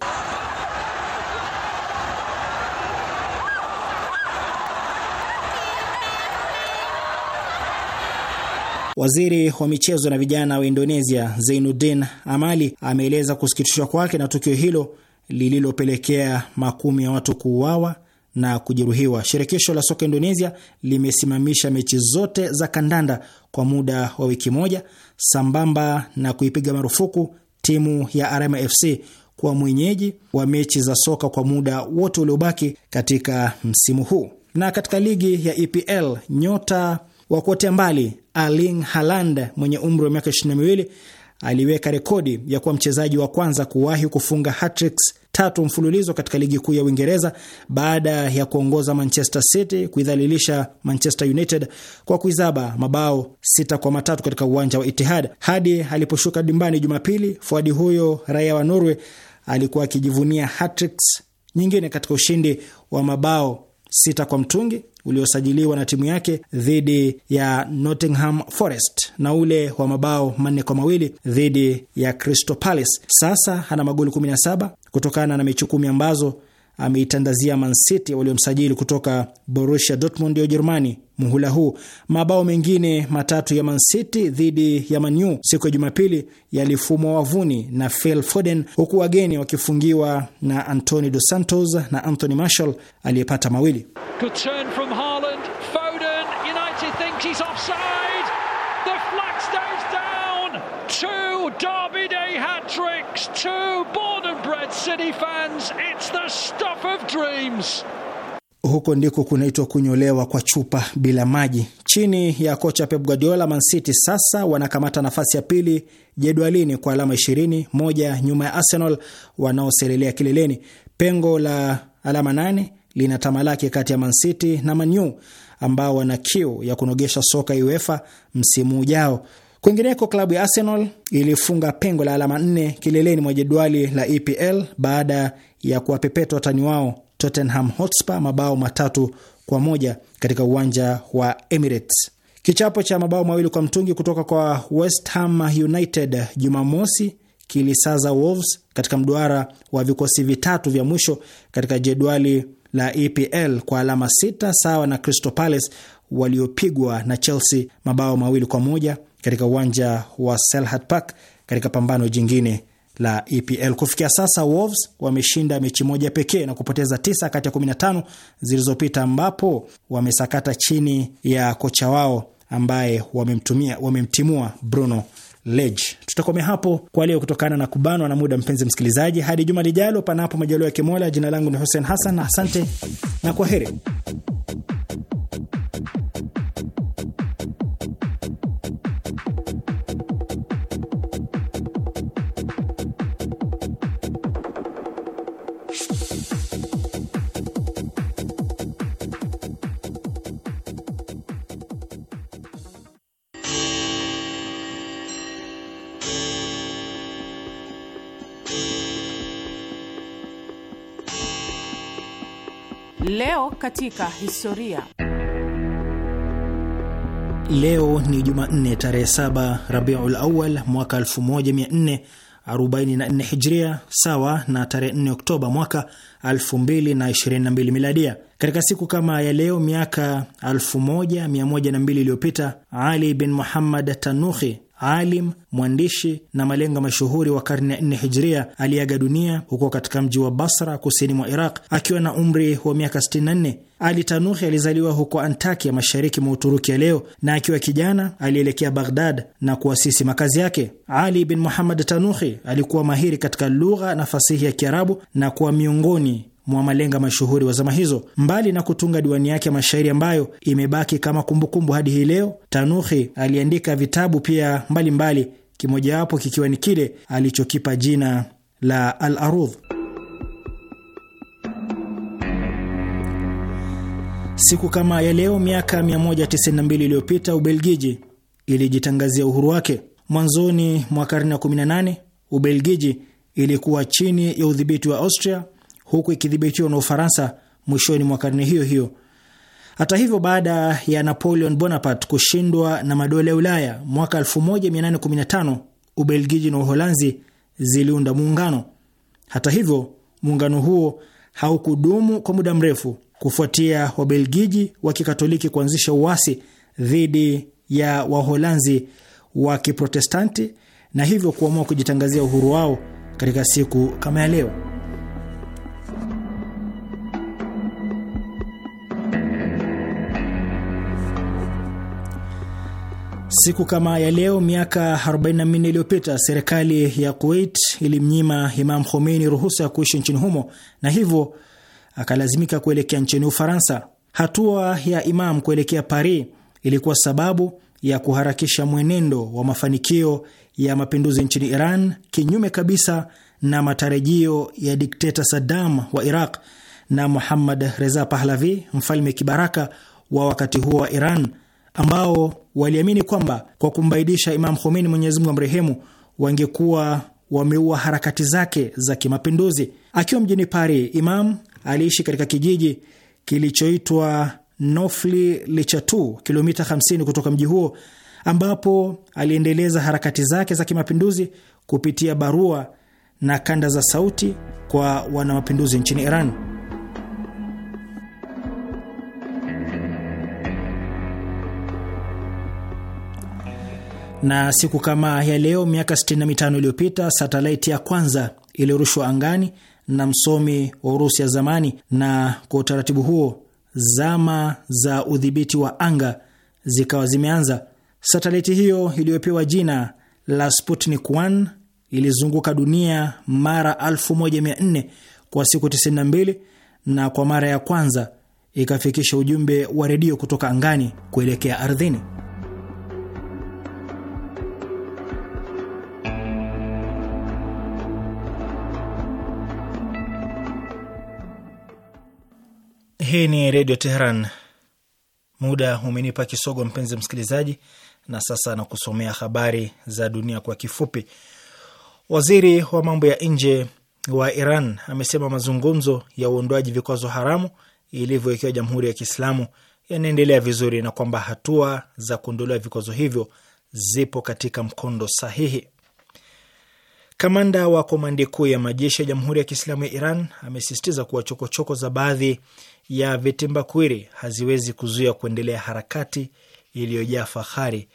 S1: Waziri wa michezo na vijana wa Indonesia Zainuddin Amali ameeleza kusikitishwa kwake na tukio hilo lililopelekea makumi ya watu kuuawa na kujeruhiwa. Shirikisho la soka Indonesia limesimamisha mechi zote za kandanda kwa muda wa wiki moja sambamba na kuipiga marufuku timu ya Arema FC kuwa mwenyeji wa mechi za soka kwa muda wote uliobaki katika msimu huu. Na katika ligi ya EPL nyota wa kuotea mbali Erling Haaland mwenye umri wa miaka 22 aliweka rekodi ya kuwa mchezaji wa kwanza kuwahi kufunga hatricks tatu mfululizo katika ligi kuu ya Uingereza baada ya kuongoza Manchester City kuidhalilisha Manchester United kwa kuizaba mabao sita kwa matatu katika uwanja wa Itihad Hadi aliposhuka dimbani Jumapili, fuadi huyo raia wa Norway alikuwa akijivunia hatricks nyingine katika ushindi wa mabao sita kwa mtungi uliosajiliwa na timu yake dhidi ya Nottingham Forest na ule wa mabao manne kwa mawili dhidi ya Crystal Palace. Sasa ana magoli 17 kutokana na mechi kumi ambazo ameitandazia Man City waliomsajili kutoka Borussia Dortmund ya Ujerumani muhula huu. Mabao mengine matatu ya Man City dhidi ya Manu siku ya Jumapili yalifumwa wavuni na Phil Foden, huku wageni wakifungiwa na antoni Dos Santos na Anthony Marshall aliyepata mawili.
S3: Good turn from Sydney fans, it's the stuff of dreams.
S1: Huko ndiko kunaitwa kunyolewa kwa chupa bila maji. Chini ya kocha Pep Guardiola, Man City sasa wanakamata nafasi ya pili jedwalini kwa alama 20, moja nyuma ya Arsenal wanaoselelea kileleni. Pengo la alama 8 lina tamalaki kati ya Man City na Man U ambao wana kiu ya kunogesha soka UEFA msimu ujao. Kwingineko, klabu ya Arsenal ilifunga pengo la alama nne kileleni mwa jedwali la EPL baada ya kuwapepeta watani wao Tottenham Hotspur mabao matatu kwa moja katika uwanja wa Emirates. Kichapo cha mabao mawili kwa mtungi kutoka kwa West Ham United Jumamosi kilisaza Wolves katika mduara wa vikosi vitatu vya mwisho katika jedwali la EPL kwa alama sita sawa na Crystal Palace waliopigwa na Chelsea mabao mawili kwa moja katika uwanja wa Selhurst Park katika pambano jingine la EPL. Kufikia sasa Wolves wameshinda mechi moja pekee na kupoteza tisa kati ya 15 zilizopita, ambapo wamesakata chini ya kocha wao ambaye wamemtumia wamemtimua Bruno Lage. Tutakomea hapo kwa leo kutokana na kubanwa na muda, mpenzi msikilizaji, hadi juma lijalo, panapo majaliwa ya Kimola. Jina langu ni Hussein Hassan, asante na kwa heri.
S4: Leo katika historia.
S1: Leo ni Jumanne tarehe 7 Rabiul Awal mwaka 1444 Hijria, sawa na tarehe 4 Oktoba mwaka 2022 Miladia. Katika siku kama ya leo miaka 1102 iliyopita, Ali bin Muhammad Tanuhi alim, mwandishi na malenga mashuhuri wa karne ya nne Hijria, aliaga dunia huko katika mji wa Basra, kusini mwa Iraq, akiwa na umri wa miaka 64. Ali Tanuhi alizaliwa huko Antakia, mashariki mwa Uturuki ya leo, na akiwa kijana alielekea Baghdad na kuasisi makazi yake. Ali bin Muhammad Tanuhi alikuwa mahiri katika lugha na fasihi ya Kiarabu na kuwa miongoni mwa malenga mashuhuri wa zama hizo. Mbali na kutunga diwani yake ya mashairi ambayo imebaki kama kumbukumbu hadi hii leo, Tanuhi aliandika vitabu pia mbalimbali, kimojawapo kikiwa ni kile alichokipa jina la Al Arudh. Siku kama ya leo miaka 192 iliyopita Ubelgiji ilijitangazia uhuru wake. Mwanzoni mwa karne ya 18 Ubelgiji ilikuwa chini ya udhibiti wa Austria huku ikidhibitiwa na Ufaransa mwishoni mwa karne hiyo hiyo. Hata hivyo, baada ya Napoleon Bonaparte kushindwa na madola ya Ulaya mwaka 1815, Ubelgiji na Uholanzi ziliunda muungano. Hata hivyo, muungano huo haukudumu kwa muda mrefu kufuatia Wabelgiji wa Kikatoliki kuanzisha uasi dhidi ya Waholanzi wa Kiprotestanti na hivyo kuamua kujitangazia uhuru wao katika siku kama ya leo. Siku kama ya leo miaka 44 iliyopita serikali ya Kuwait ilimnyima Imam Khomeini ruhusa ya kuishi nchini humo na hivyo akalazimika kuelekea nchini Ufaransa. Hatua ya Imam kuelekea Paris ilikuwa sababu ya kuharakisha mwenendo wa mafanikio ya mapinduzi nchini Iran, kinyume kabisa na matarajio ya dikteta Saddam wa Iraq na Muhammad Reza Pahlavi, mfalme kibaraka wa wakati huo wa Iran ambao waliamini kwamba kwa kumbaidisha Imam Khomeini, Mwenyezi Mungu amrehemu, wangekuwa wameua harakati zake za kimapinduzi. Akiwa mjini Paris, Imam aliishi katika kijiji kilichoitwa Nofli Lichatu, kilomita 50 kutoka mji huo, ambapo aliendeleza harakati zake za kimapinduzi kupitia barua na kanda za sauti kwa wanamapinduzi nchini Iran. na siku kama ya leo miaka 65 iliyopita satelaiti ya kwanza iliyorushwa angani na msomi wa Urusi ya zamani, na kwa utaratibu huo zama za udhibiti wa anga zikawa zimeanza. Satelaiti hiyo iliyopewa jina la Sputnik 1 ilizunguka dunia mara 1400 kwa siku 92 na kwa mara ya kwanza ikafikisha ujumbe wa redio kutoka angani kuelekea ardhini. Hii ni Redio Teheran. Muda umenipa kisogo, mpenzi msikilizaji, na sasa nakusomea habari za dunia kwa kifupi. Waziri wa mambo ya nje wa Iran amesema mazungumzo ya uondoaji vikwazo haramu ilivyowekewa Jamhuri ya Kiislamu yanaendelea vizuri na kwamba hatua za kuondolewa vikwazo hivyo zipo katika mkondo sahihi. Kamanda wa komandi kuu ya majeshi ya Jamhuri ya Kiislamu ya Iran amesisitiza kuwa chokochoko za baadhi ya vitimbakwiri haziwezi kuzuia kuendelea harakati iliyojaa fahari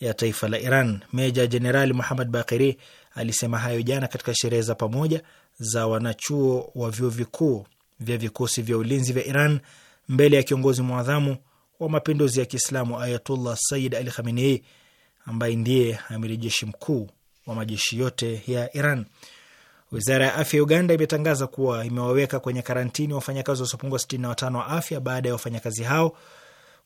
S1: ya taifa la Iran. Meja Jenerali Muhammad Bakiri alisema hayo jana katika sherehe za pamoja za wanachuo wa vyuo vikuu vya vikosi vya ulinzi vya Iran mbele ya kiongozi mwadhamu wa mapinduzi ya Kiislamu Ayatullah Sayyid Ali Khamenei ambaye ndiye amiri jeshi mkuu wa majeshi yote ya Iran. Wizara ya afya ya Uganda imetangaza kuwa imewaweka kwenye karantini wafanyakazi wasiopungua sitini na watano wa afya baada ya wafanyakazi hao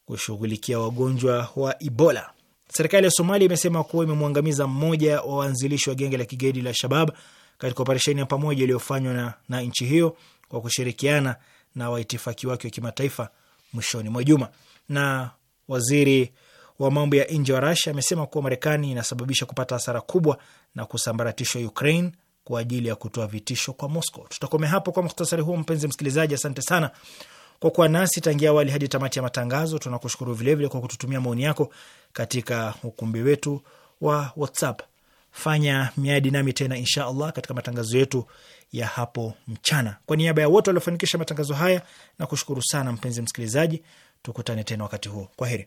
S1: kushughulikia wagonjwa wa Ebola. Serikali ya Somalia imesema kuwa imemwangamiza mmoja wa waanzilishi wa genge la kigaidi la Shabab katika operesheni ya pamoja iliyofanywa na, na nchi hiyo kwa kushirikiana na waitifaki wake wa kimataifa mwishoni mwa juma. Na waziri wa mambo ya nje wa Rasia amesema kuwa Marekani inasababisha kupata hasara kubwa na kusambaratishwa Ukraine kwa ajili ya kutoa vitisho kwa Moscow. Tutakomea hapo kwa muhtasari huo, mpenzi msikilizaji. Asante sana kwa kuwa nasi tangia awali hadi tamati ya matangazo. Tunakushukuru vilevile kwa kututumia maoni yako katika ukumbi wetu wa WhatsApp. Fanya miadi nami tena insha Allah katika matangazo yetu ya hapo mchana. Kwa niaba ya wote waliofanikisha matangazo haya, na kushukuru sana mpenzi msikilizaji, tukutane tena wakati huo. Kwa heri.